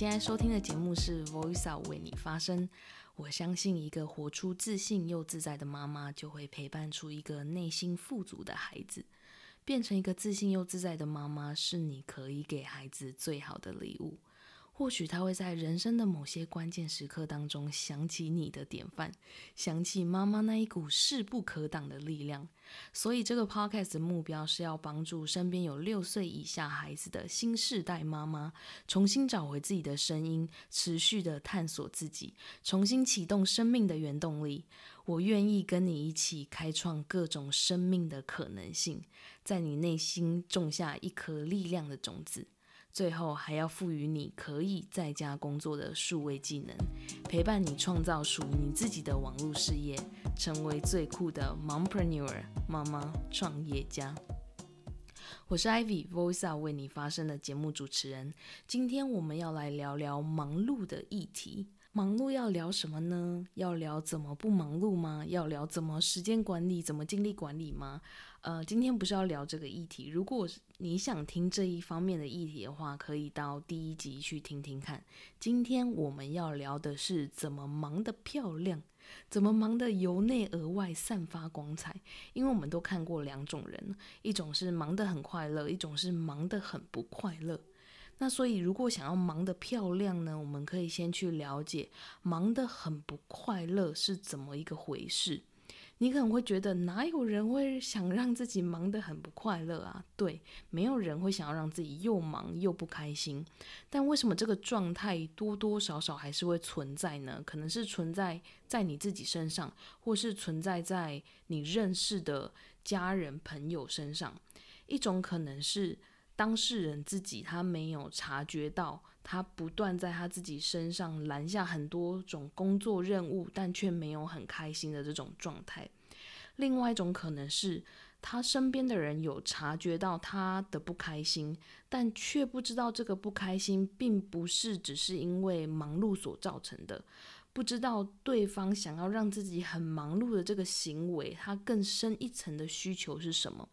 現在收聽的節目是《Voice Out》為你發聲。我相信，一個活出自信又自在的媽媽，就會陪伴出一個內心富足的孩子。變成一個自信又自在的媽媽，是你可以給孩子最好的禮物。或許他會在人生的某些關鍵時刻當中想起你的典範，想起媽媽那一股勢不可擋的力量。所以，這個 podcast 的目標是要幫助身邊有六歲以下孩子的新世代媽媽重新找回自己的聲音，持續的探索自己，重新啟動生命的原動力。我願意跟你一起開創各種生命的可能性，在你內心種下一顆力量的種子。最後還要賦予你可以在家工作的數位技能，陪伴你創造屬於你自己的網絡事業，成為最酷的 mompreneur 媽媽創業家。我是 Ivy Voice，為你發聲的節目主持人。今天我們要來聊聊忙碌的議題。忙碌要聊什麼呢？要聊怎麼不忙碌嗎？要聊怎麼時間管理，怎麼精力管理嗎？呃，今天不是要聊這個議題。如果你想聽這一方面的議題的話，可以到第一集去聽聽看。今天我們要聊的是怎麼忙得漂亮，怎麼忙得由內而外散發光彩。因為我們都看過兩種人，一種是忙得很快樂，一種是忙得很不快樂。那所以，如果想要忙得漂亮呢，我們可以先去了解忙得很不快樂是怎麼一個回事。你可能會覺得哪有人會想讓自己忙得很不快樂啊？對，沒有人會想要讓自己又忙又不開心。但為什麼這個狀態多多少少還是會存在呢？可能是存在在你自己身上，或是存在在你認識的家人朋友身上。一種可能是當事人自己他沒有察覺到。他不斷在他自己身上攬下很多種工作任務，但卻沒有很開心的這種狀態。另外一種可能是，他身邊的人有察覺到他的不開心，但卻不知道這個不開心並不是只是因為忙碌所造成的，不知道對方想要讓自己很忙碌的這個行為，他更深一層的需求是什麼。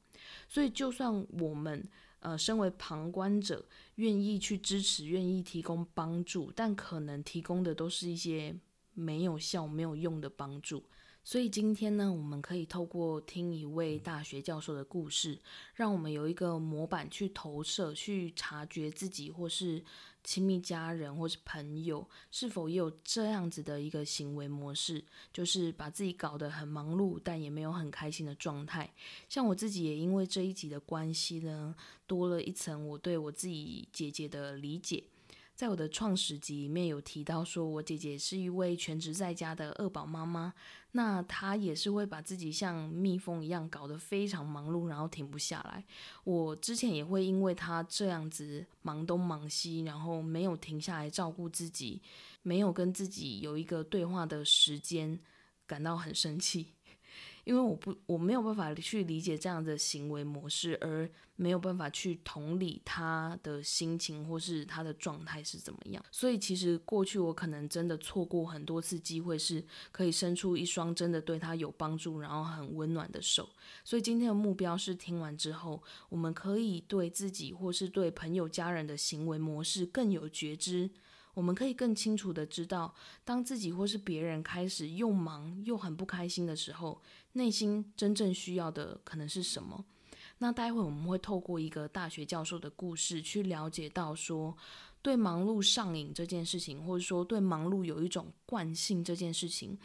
所以，就算我們呃身為旁觀者，願意去支持，願意提供幫助，但可能提供的都是一些沒有效、沒有用的幫助。所以今天呢，我們可以透過聽一位大學教授的故事，讓我們有一個模板去投射，去察覺自己或是親密家人或是朋友是否也有這樣子的一個行為模式，就是把自己搞得很忙碌，但也沒有很開心的狀態。像我自己也因為這一集的關係呢，多了一層我對我自己姐姐的理解。在我的創始集裡面有提到說，說我姐姐是一位全職在家的二寶媽媽。那他也是會把自己像蜜蜂一樣搞得非常忙碌，然後停不下來。我之前也會因為他這樣子忙東忙西，然後沒有停下來照顧自己，沒有跟自己有一個對話的時間，感到很生氣。因為我不我沒有辦法去理解這樣的行為模式，而沒有辦法去同理他的心情或是他的狀態是怎麼樣。所以其實過去我可能真的錯過很多次機會，是可以伸出一雙真的對他有幫助，然後很溫暖的手。所以今天的目標是，聽完之後，我們可以對自己或是對朋友家人的行為模式更有覺知，我們可以更清楚地知道，當自己或是別人開始又忙又很不開心的時候，內心真正需要的可能是什麼？那待會我們會透過一個大學教授的故事去了解到說，說對忙碌上癮這件事情，或者說對忙碌有一種慣性這件事情，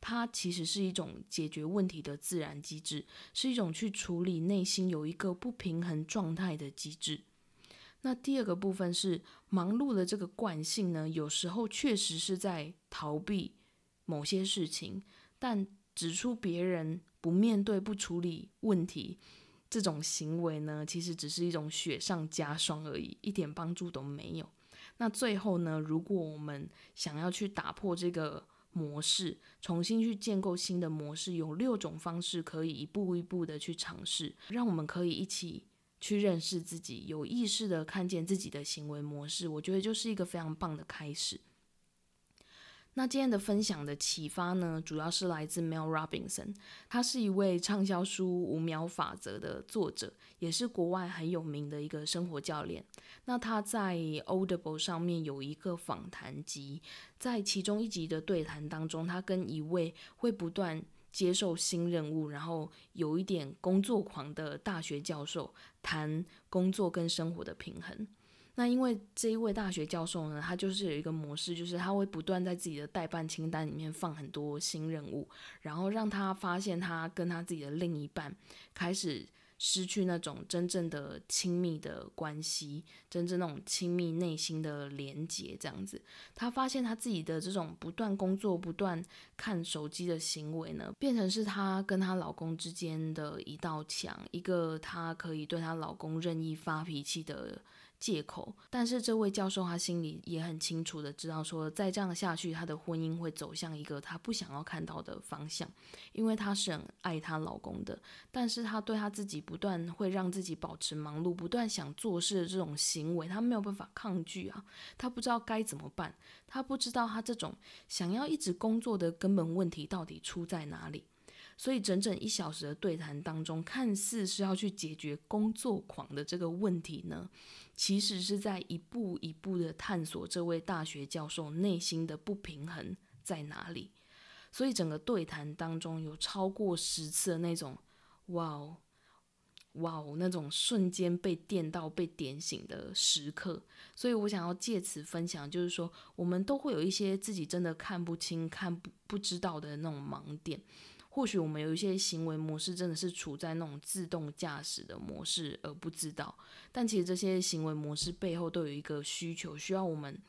它其實是一種解決問題的自然機制，是一種去處理內心有一個不平衡狀態的機制。那第二個部分是忙碌的這個慣性呢，有時候確實是在逃避某些事情，但。指出別人不面對、不處理問題這種行為呢，其實只是一種雪上加霜而已，一點幫助都沒有。那最後呢，如果我們想要去打破這個模式，重新去建構新的模式，有六種方式可以一步一步的去嘗試，讓我們可以一起去認識自己，有意識的看見自己的行為模式，我覺得就是一個非常棒的開始。那今天的分享的啟發呢，主要是來自 Mel Robinson，他是一位暢銷書《五秒法則》的作者，也是國外很有名的一個生活教練。那他在 Audible 上面有一個訪談集，在其中一集的對談當中，他跟一位會不斷接受新任務，然後有一點工作狂的大學教授談工作跟生活的平衡。那因為這一位大學教授呢，他就是有一個模式，就是他會不斷在自己的待辦清單裡面放很多新任務，然後讓他發現他跟他自己的另一半開始失去那種真正的親密的關係，真正那種親密內心的連結。這樣子，他發現他自己的這種不斷工作、不斷看手機的行為呢，變成是他跟他老公之間的一道牆，一個他可以對他老公任意發脾氣的借口，但是這位教授他心裡也很清楚的知道，說再這樣下去，他的婚姻會走向一個他不想要看到的方向，因為他是很愛他老公的，但是他對他自己不斷會讓自己保持忙碌，不斷想做事的這種行為，他沒有辦法抗拒啊，他不知道該怎麼辦，他不知道他這種想要一直工作的根本問題到底出在哪裡。所以，整整一小時的對談當中，看似是要去解決工作狂的這個問題呢，其實是在一步一步的探索這位大學教授內心的不平衡在哪裡。所以，整個對談當中有超過十次的那種“哇哦，哇哦”那種瞬間被電到、被點醒的時刻。所以我想要借此分享，就是說，我們都會有一些自己真的看不清、看不不知道的那種盲點。或許我們有一些行為模式，真的是處在那種自動駕駛的模式，而不知道。但其實這些行為模式背後都有一個需求，需要我們，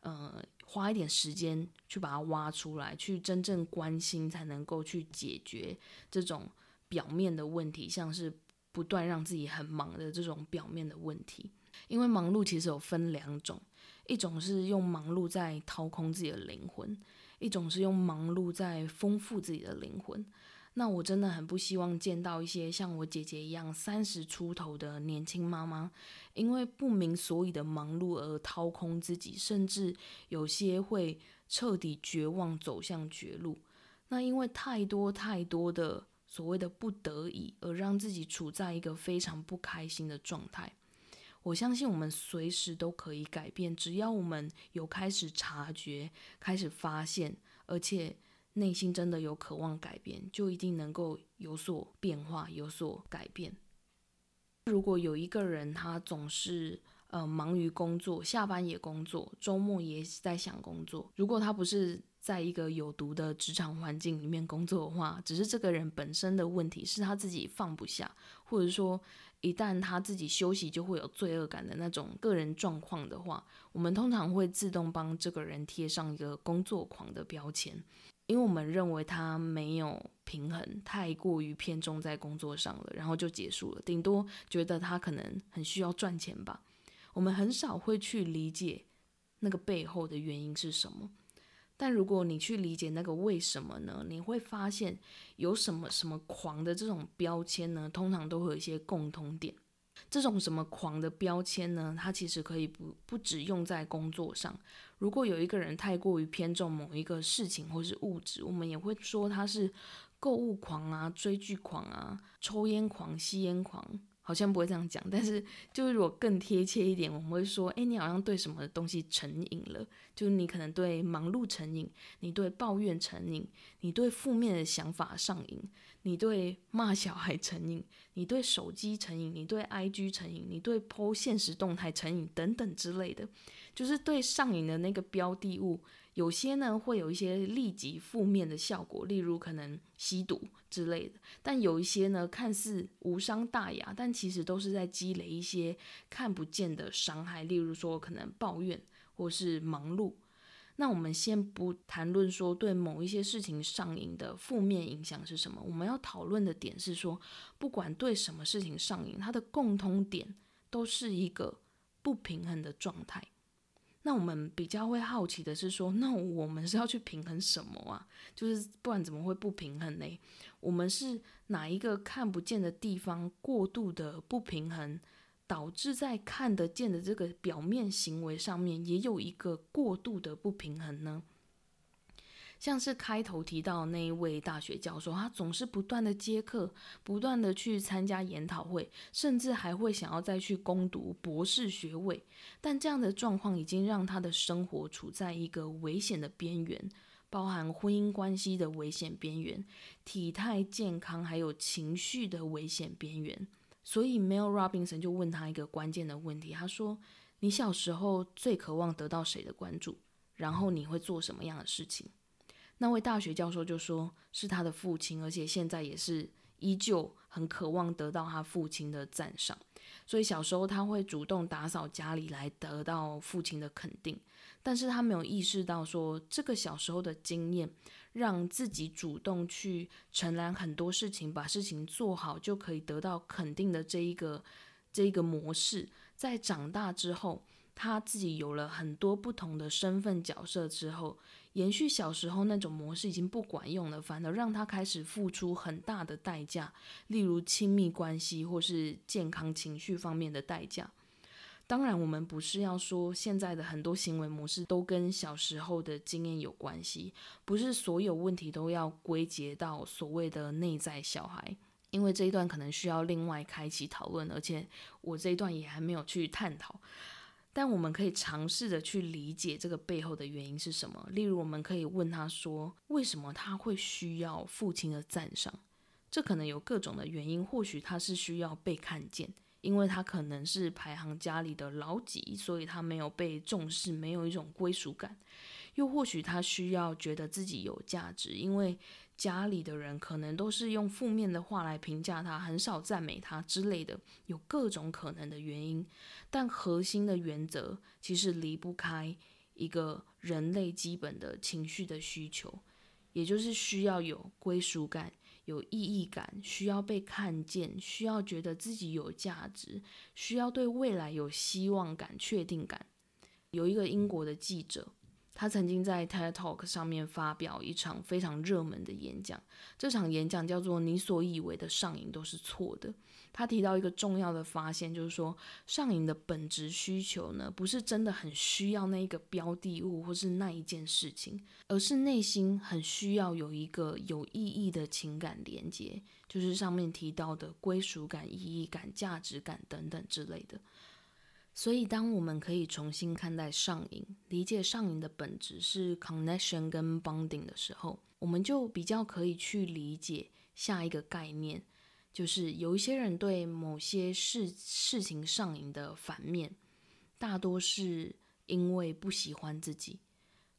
呃，花一點時間去把它挖出來，去真正關心，才能夠去解決這種表面的問題，像是不斷讓自己很忙的這種表面的問題。因為忙碌其實有分兩種，一種是用忙碌在掏空自己的靈魂。一種是用忙碌在豐富自己的靈魂。那我真的很不希望見到一些像我姐姐一樣三十出頭的年輕媽媽，因為不明所以的忙碌而掏空自己，甚至有些會徹底絕望走向絕路。那因為太多太多的所謂的不得已，而讓自己處在一個非常不開心的狀態。我相信我們隨時都可以改變，只要我們有開始察覺、開始發現，而且內心真的有渴望改變，就一定能夠有所變化、有所改變。如果有一個人他總是呃忙於工作，下班也工作，周末也在想工作，如果他不是在一個有毒的職場環境裡面工作的話，只是這個人本身的問題是他自己放不下，或者說，一旦他自己休息就會有罪惡感的那種個人狀況的話，我們通常會自動幫這個人貼上一個工作狂的標籤，因為我們認為他沒有平衡，太過於偏重在工作上了，然後就結束了。頂多覺得他可能很需要賺錢吧，我們很少會去理解那個背後的原因是什麼。但如果你去理解那個為什麼呢？你會發現，有什麼什麼狂的這種標籤呢？通常都會有一些共通點。這種什麼狂的標籤呢？它其實可以不不只用在工作上。如果有一個人太過於偏重某一個事情或是物質，我們也會說他是購物狂啊、追劇狂啊、抽菸狂、吸菸狂。好像不會這樣講，但是就是如果更貼切一點，我們會說：哎、欸，你好像對什麼東西成癮了？就是你可能對忙碌成癮，你對抱怨成癮，你對負面的想法上癮，你對罵小孩成癮，你對手機成癮，你對 IG 成癮，你對 po 現實動態成癮等等之類的，就是對上癮的那個標的物。有些呢會有一些立即負面的效果，例如可能吸毒之類的；但有一些呢看似無傷大雅，但其實都是在積累一些看不見的傷害，例如說可能抱怨或是忙碌。那我們先不談論說，對某一些事情上癮的負面影響是什麼，我們要討論的點是說，不管對什麼事情上癮，它的共通點都是一個不平衡的狀態。那我們比較會好奇的是說，那我們是要去平衡什麼啊？就是不然怎麼會不平衡呢？我們是哪一個看不見的地方過度的不平衡，導致在看得見的這個表面行為上面也有一個過度的不平衡呢？像是開頭提到那一位大學教授，他總是不斷的接課，不斷的去參加研討會，甚至還會想要再去攻讀博士學位。但這樣的狀況已經讓他的生活處在一個危險的邊緣，包含婚姻關係的危險邊緣、體態健康還有情緒的危險邊緣。所以，Mel Robinson 就問他一個關鍵的問題：他說，你小時候最渴望得到誰的關注？然後你會做什麼樣的事情？那位大學教授就說：“是他的父親，而且現在也是依舊很渴望得到他父親的讚賞。所以小時候他會主動打掃家裡來得到父親的肯定。但是他沒有意識到說，這個小時候的經驗，讓自己主動去承擔很多事情，把事情做好就可以得到肯定的這一個這一個模式。在長大之後，他自己有了很多不同的身份角色之後。”延續小時候那種模式已經不管用了，反而讓他開始付出很大的代價，例如親密關係或是健康情緒方面的代價。當然，我們不是要說現在的很多行為模式都跟小時候的經驗有關係，不是所有問題都要歸結到所謂的內在小孩，因為這一段可能需要另外開啟討論，而且我這一段也還沒有去探討。但我們可以嘗試着去理解這個背後的原因是什麼。例如，我們可以問他說：“為什麼他會需要父親的讚賞？”這可能有各種的原因。或許他是需要被看見，因為他可能是排行家裡的老幾，所以他沒有被重視，沒有一種歸屬感。又或許他需要覺得自己有價值，因為……家裡的人可能都是用負面的話來評價他，很少讚美他之類的，有各種可能的原因，但核心的原則其實離不開一個人類基本的情緒的需求，也就是需要有歸屬感、有意義感，需要被看見，需要覺得自己有價值，需要對未來有希望感、確定感。有一個英國的記者。他曾經在 TED Talk 上面發表一場非常熱門的演講，這場演講叫做“你所以為的上癮都是錯的”。他提到一個重要的發現，就是說上癮的本質需求呢，不是真的很需要那一個標的物或是那一件事情，而是內心很需要有一個有意義的情感連接，就是上面提到的歸屬感、意義感、價值感等等之類的。所以，當我們可以重新看待上癮，理解上癮的本質是 connection 跟 bonding 的時候，我們就比較可以去理解下一個概念，就是有一些人對某些事事情上癮的反面，大多是因為不喜歡自己，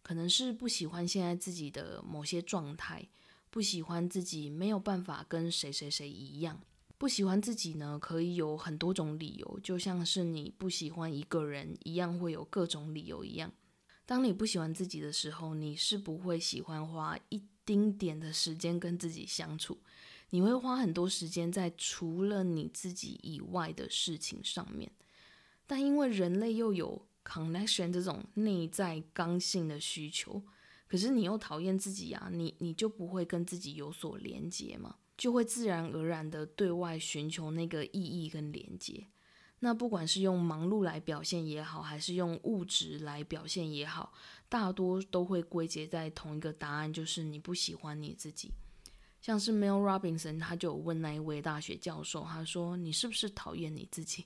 可能是不喜歡現在自己的某些狀態，不喜歡自己沒有辦法跟誰誰誰一樣。不喜歡自己呢，可以有很多種理由，就像是你不喜歡一個人一樣，會有各種理由一樣。當你不喜歡自己的時候，你是不會喜歡花一丁點的時間跟自己相處，你會花很多時間在除了你自己以外的事情上面。但因為人類又有 connection 這種內在剛性的需求，可是你又討厭自己呀、啊，你你就不會跟自己有所連接嗎？就會自然而然的對外尋求那個意義跟連接。那不管是用忙碌來表現也好，還是用物質來表現也好，大多都會歸結在同一個答案，就是你不喜歡你自己。像是 Mel Robinson，他就有問那一位大學教授，他說：“你是不是討厭你自己？”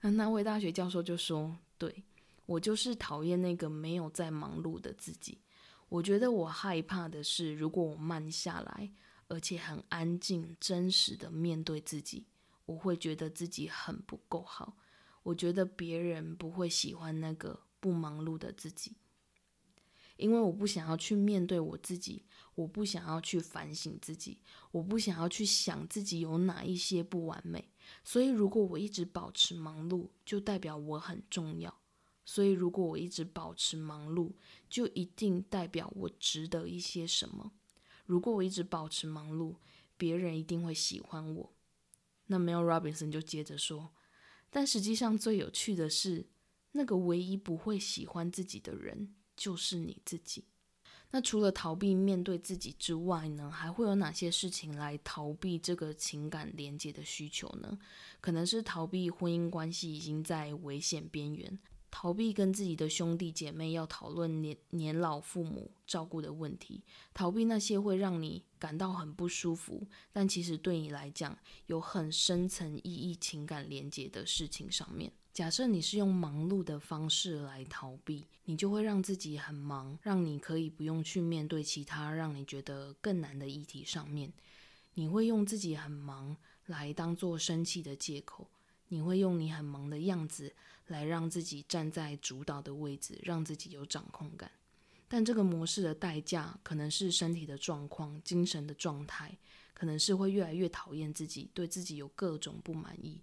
那那位大學教授就說：“對，我就是討厭那個沒有在忙碌的自己。我覺得我害怕的是，如果我慢下來。”而且很安靜、真實的面對自己，我會覺得自己很不夠好。我覺得別人不會喜歡那個不忙碌的自己，因為我不想要去面對我自己，我不想要去反省自己，我不想要去想自己有哪一些不完美。所以，如果我一直保持忙碌，就代表我很重要。所以，如果我一直保持忙碌，就一定代表我值得一些什麼。如果我一直保持忙碌，別人一定會喜歡我。那 Mel Robinson 就接着說：“但實際上，最有趣的是，那個唯一不會喜歡自己的人就是你自己。那除了逃避面對自己之外呢，還會有哪些事情來逃避這個情感連接的需求呢？可能是逃避婚姻關係已經在危險邊緣。”逃避跟自己的兄弟姐妹要討論年年老父母照顧的問題，逃避那些會讓你感到很不舒服，但其實對你來講有很深層意義、情感連接的事情上面。假設你是用忙碌的方式來逃避，你就會讓自己很忙，讓你可以不用去面對其他讓你覺得更難的議題上面。你會用自己很忙來當做生氣的借口，你會用你很忙的樣子。來讓自己站在主導的位置，讓自己有掌控感，但這個模式的代價可能是身體的狀況、精神的狀態，可能是會越來越討厭自己，對自己有各種不滿意，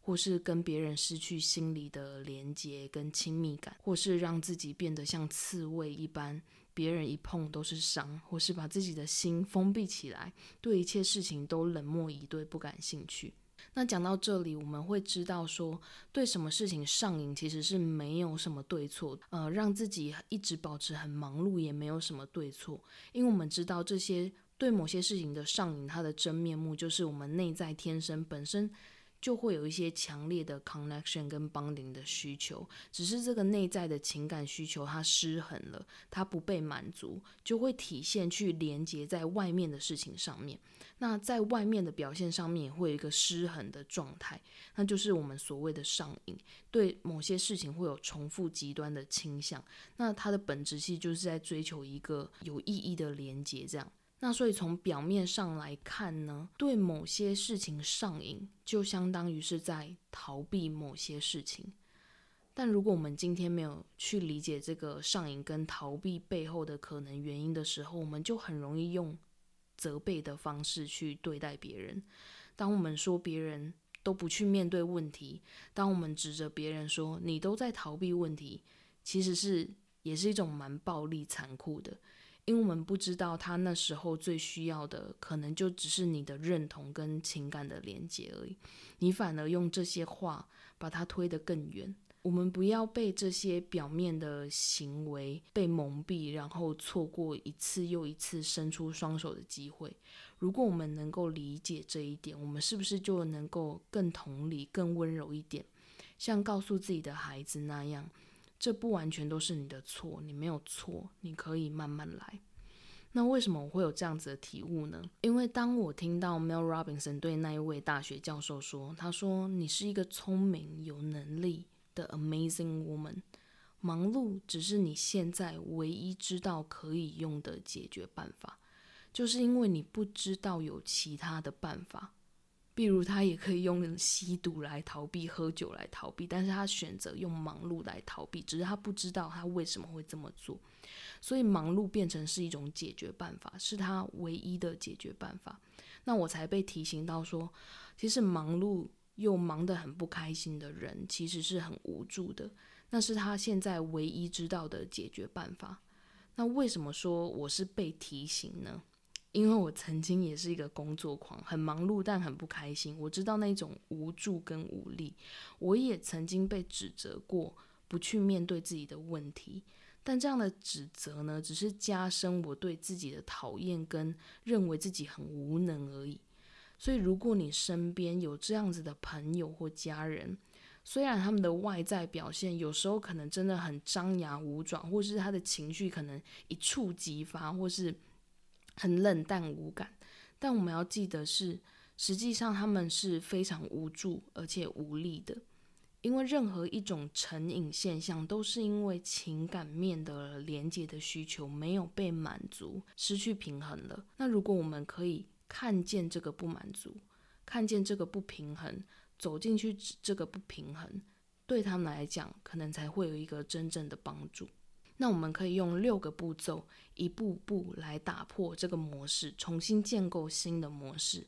或是跟別人失去心理的連接跟親密感，或是讓自己變得像刺蝟一般，別人一碰都是傷，或是把自己的心封閉起來，對一切事情都冷漠以對，不感興趣。那講到這裡，我們會知道說，對什麼事情上癮其實是沒有什麼對錯，呃，讓自己一直保持很忙碌也沒有什麼對錯，因為我們知道這些對某些事情的上癮，它的真面目就是我們內在天生本身，就會有一些強烈的 connection 跟 bonding 的需求，只是這個內在的情感需求它失衡了，它不被滿足，就會體現去連接在外面的事情上面。那在外面的表現上面也會有一個失衡的狀態，那就是我們所謂的上癮，對某些事情會有重複極端的傾向。那它的本質其實就是在追求一個有意義的連接，這樣。那所以從表面上來看呢，對某些事情上癮，就相當於是在逃避某些事情。但如果我們今天沒有去理解這個上癮跟逃避背後的可能原因的時候，我們就很容易用責備的方式去對待別人。當我們說別人都不去面對問題，當我們指着別人說你都在逃避問題，其實是也是一種蠻暴力、殘酷的。因為我們不知道他那時候最需要的，可能就只是你的認同跟情感的連接而已。你反而用這些話把他推得更遠。我們不要被這些表面的行為被蒙蔽，然後錯過一次又一次伸出雙手的機會。如果我們能夠理解這一點，我們是不是就能夠更同理、更溫柔一點，像告訴自己的孩子那樣？這不完全都是你的錯，你沒有錯，你可以慢慢來。那為什麼我會有這樣子的體悟呢？因為當我聽到 Mel Robinson 對那一位大學教授說，他說：“你是一個聰明有能力的 Amazing Woman，忙碌只是你現在唯一知道可以用的解決辦法，就是因為你不知道有其他的辦法。”比如他也可以用吸毒來逃避，喝酒來逃避，但是他選擇用忙碌來逃避，只是他不知道他為什麼會這麼做，所以忙碌變成是一種解決辦法，是他唯一的解決辦法。那我才被提醒到說，其實忙碌又忙得很不開心的人，其實是很無助的，那是他現在唯一知道的解決辦法。那為什麼說我是被提醒呢？因為我曾經也是一個工作狂，很忙碌但很不開心。我知道那種無助跟無力。我也曾經被指責過，不去面對自己的問題。但這樣的指責呢，只是加深我對自己的討厭，跟認為自己很無能而已。所以，如果你身邊有這樣子的朋友或家人，雖然他們的外在表現有時候可能真的很張牙舞爪，或是他的情緒可能一觸即發，或是很冷淡無感，但我們要記得是，實際上他們是非常無助而且無力的，因為任何一種成癮現象都是因為情感面的連接的需求沒有被滿足，失去平衡了。那如果我們可以看見這個不滿足，看見這個不平衡，走進去這個不平衡，對他們來講，可能才會有一個真正的幫助。那我們可以用六個步驟，一步步來打破這個模式，重新建構新的模式。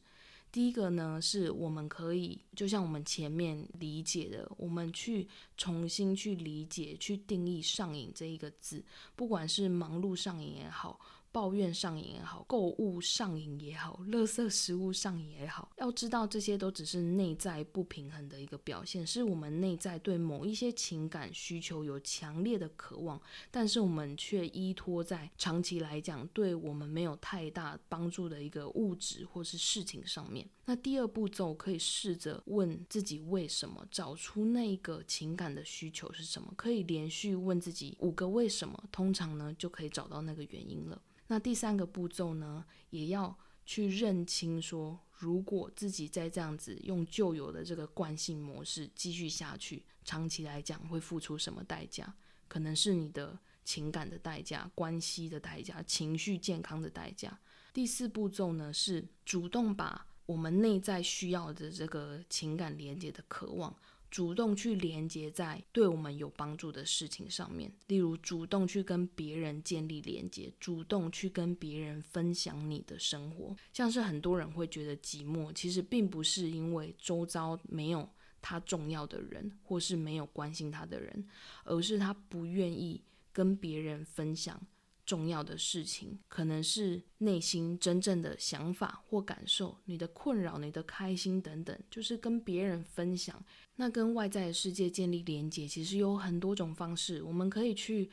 第一個呢，是我們可以，就像我們前面理解的，我們去重新去理解、去定義“上癮”這一個字，不管是忙碌上癮也好。抱怨上癮也好，購物上癮也好，垃圾食物上癮也好，要知道這些都只是內在不平衡的一個表現，是我們內在對某一些情感需求有強烈的渴望，但是我們卻依托在長期來講對我們沒有太大幫助的一個物質或是事情上面。那第二步驟可以試着問自己為什麼，找出那個情感的需求是什麼，可以連續問自己五個為什麼，通常呢就可以找到那個原因了。那第三個步驟呢，也要去認清說，如果自己再這樣子用舊有的這個慣性模式繼續下去，長期來講會付出什麼代價？可能是你的情感的代價、關係的代價、情緒健康的代價。第四步驟呢，是主動把我們內在需要的這個情感連接的渴望。主動去連接在對我們有幫助的事情上面，例如主動去跟別人建立連接，主動去跟別人分享你的生活。像是很多人會覺得寂寞，其實並不是因為周遭沒有他重要的人，或是沒有關心他的人，而是他不願意跟別人分享。重要的事情，可能是內心真正的想法或感受，你的困擾、你的開心等等，就是跟別人分享。那跟外在的世界建立連結，其實有很多種方式，我們可以去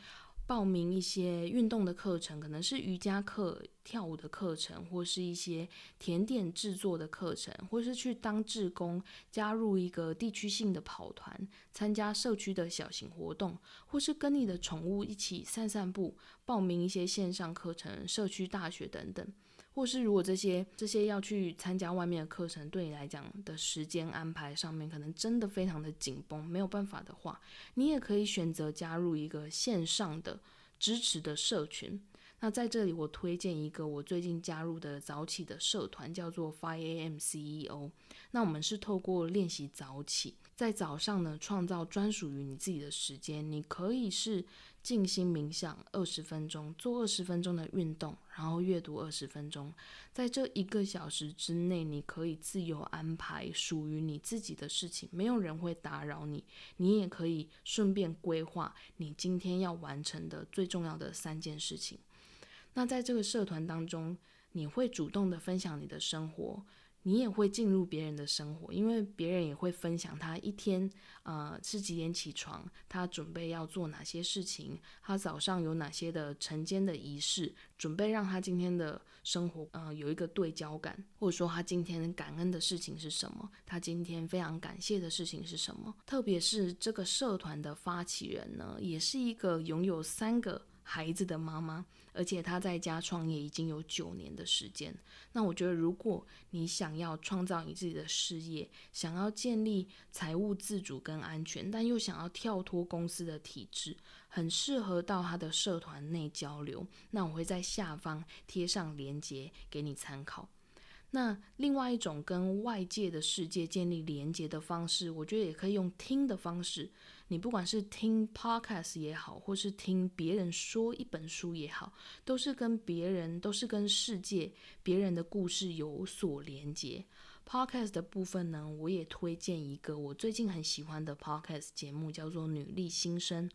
報名一些運動的課程，可能是瑜伽課、跳舞的課程，或是一些甜點製作的課程，或是去當志工，加入一個地區性的跑團，參加社區的小型活動，或是跟你的寵物一起散散步，報名一些線上課程、社區大學等等。或是如果這些這些要去參加外面的課程，對你來講的時間安排上面可能真的非常的緊繃，沒有辦法的話，你也可以選擇加入一個線上的支持的社群。那在這裡我推薦一個我最近加入的早起的社團，叫做 5am CEO。那我們是透過練習早起，在早上呢創造專屬於你自己的時間，你可以是。靜心冥想二十分鐘，做二十分鐘的運動，然後閱讀二十分鐘。在這一個小時之內，你可以自由安排屬於你自己的事情，沒有人會打擾你。你也可以順便規劃你今天要完成的最重要的三件事情。那在這個社團當中，你會主動的分享你的生活。你也會進入別人的生活，因為別人也會分享他一天，呃，是幾點起床，他準備要做哪些事情，他早上有哪些的晨間的儀式，準備讓他今天的生活，呃，有一個對焦感，或者說他今天感恩的事情是什麼，他今天非常感謝的事情是什麼，特別是這個社團的發起人呢，也是一個擁有三個。孩子的媽媽，而且她在家創業已經有九年的時間。那我覺得，如果你想要創造你自己的事業，想要建立財務自主跟安全，但又想要跳脫公司的體制，很適合到她的社團內交流。那我會在下方貼上鏈接給你參考。那另外一種跟外界的世界建立連接的方式，我覺得也可以用聽的方式。你不管是聽 podcast 也好，或是聽別人說一本書也好，都是跟別人，都是跟世界別人的故事有所連接。Podcast 的部分呢，我也推薦一個我最近很喜歡的 Podcast 節目，叫做《女力心聲》。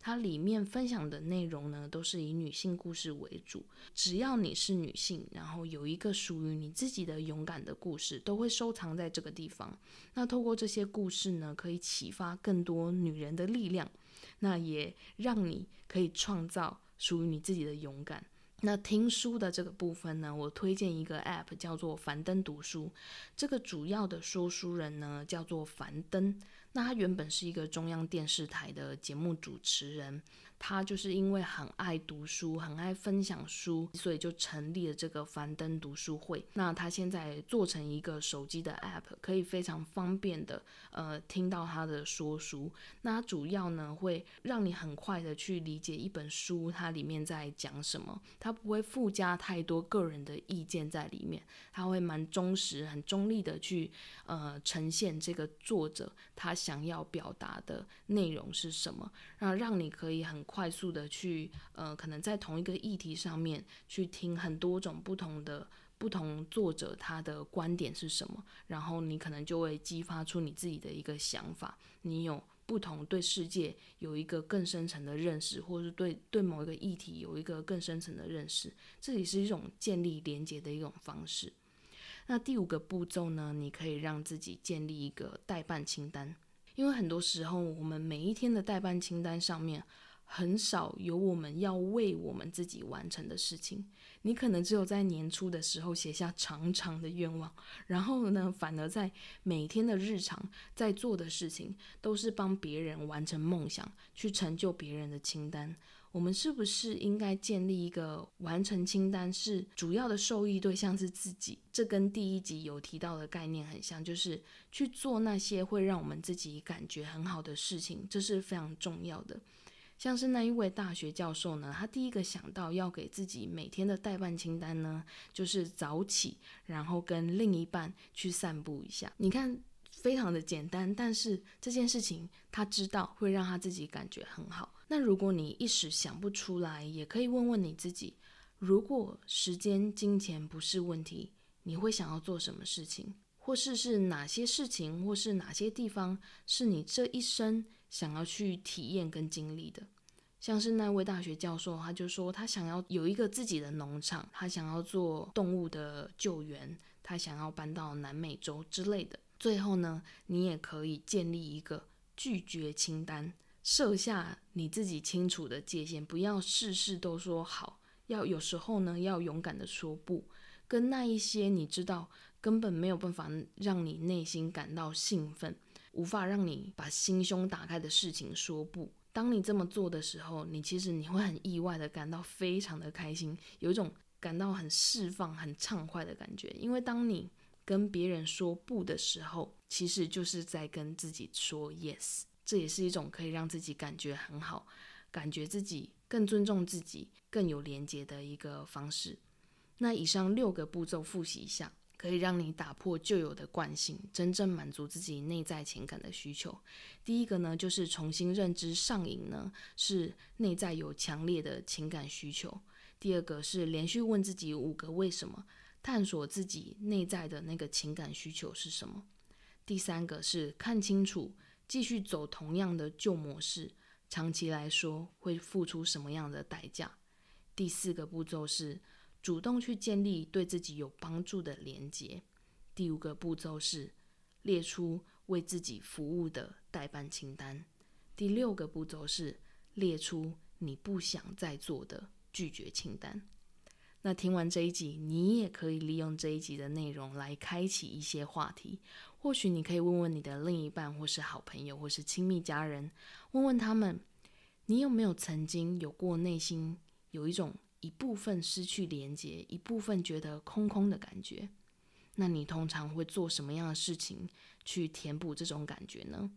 它裡面分享的內容呢，都是以女性故事為主。只要你是女性，然後有一個屬於你自己的勇敢的故事，都會收藏在這個地方。那透過這些故事呢，可以啟發更多女人的力量，那也讓你可以創造屬於你自己的勇敢。那聽書的這個部分呢，我推薦一個 App 叫做“樊登讀書”。這個主要的說書人呢，叫做樊登。那他原本是一個中央電視台的節目主持人。他就是因為很愛讀書，很愛分享書，所以就成立了這個樊登讀書會。那他現在做成一個手機的 app，可以非常方便的呃聽到他的說書。那主要呢會讓你很快的去理解一本書，它裡面在講什麼，它不會附加太多個人的意見在裡面，他會蠻忠實、很中立的去呃呈現這個作者他想要表達的內容是什麼，那讓你可以很快速的去呃，可能在同一個議題上面去聽很多種不同的不同作者他的觀點是什麼，然後你可能就會激發出你自己的一個想法，你有不同對世界有一個更深層的認識，或是對對某一個議題有一個更深層的認識，這裡是一種建立連接的一種方式。那第五個步驟呢，你可以讓自己建立一個待辦清單，因為很多時候我們每一天的待辦清單上面，很少有我們要為我們自己完成的事情，你可能只有在年初的時候寫下長長的願望，然後呢，反而在每天的日常在做的事情都是幫別人完成夢想，去成就別人的清單。我們是不是應該建立一個完成清單，是主要的受益對象是自己？這跟第一集有提到的概念很像，就是去做那些會讓我們自己感覺很好的事情，這是非常重要的。像是那一位大學教授呢，他第一個想到要給自己每天的待辦清單呢，就是早起，然後跟另一半去散步一下。你看，非常的簡單，但是這件事情他知道會讓他自己感覺很好。那如果你一時想不出來，也可以問問你自己：如果時間、金錢不是問題，你會想要做什麼事情？或是是哪些事情，或是哪些地方是你這一生？想要去體驗跟經歷的，像是那位大學教授，他就說他想要有一個自己的農場，他想要做動物的救援，他想要搬到南美洲之類的。最後呢，你也可以建立一個拒絕清單，設下你自己清楚的界限，不要事事都說好，要有時候呢，要勇敢的說不，跟那一些你知道根本沒有辦法讓你內心感到興奮。無法讓你把心胸打開的事情說不。當你這麼做的時候，你其實你會很意外的感到非常的開心，有一種感到很釋放、很暢快的感覺。因為當你跟別人說不的時候，其實就是在跟自己說 yes。這也是一種可以讓自己感覺很好、感覺自己更尊重自己、更有連接的一個方式。那以上六個步驟，複習一下。可以讓你打破舊有的慣性，真正滿足自己內在情感的需求。第一個呢，就是重新認知上癮呢，是內在有強烈的情感需求。第二個是連續問自己五個為什麼，探索自己內在的那個情感需求是什麼。第三個是看清楚，繼續走同樣的舊模式，長期來說會付出什麼樣的代價。第四個步驟是主動去建立對自己有幫助的連接。第五個步驟是列出為自己服務的待辦清單。第六個步驟是列出你不想再做的拒絕清單。那聽完這一集，你也可以利用這一集的內容來開啓一些話題。或許你可以問問你的另一半，或是好朋友，或是親密家人，問問他們，你有沒有曾經有過內心有一種一部分失去連接，一部分覺得空空的感覺，那你通常會做什麼樣的事情去填補這種感覺呢？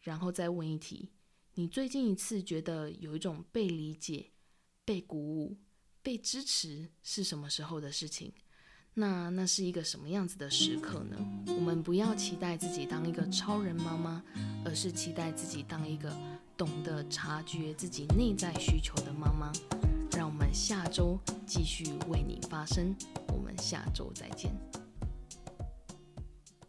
然後再問一題，你最近一次覺得有一種被理解、被鼓舞、被支持是什麼時候的事情？那那是一個什麼樣子的時刻呢？我們不要期待自己當一個超人媽媽，而是期待自己當一個懂得察覺自己內在需求的媽媽。讓我們下周繼續為你發聲，我們下周再見。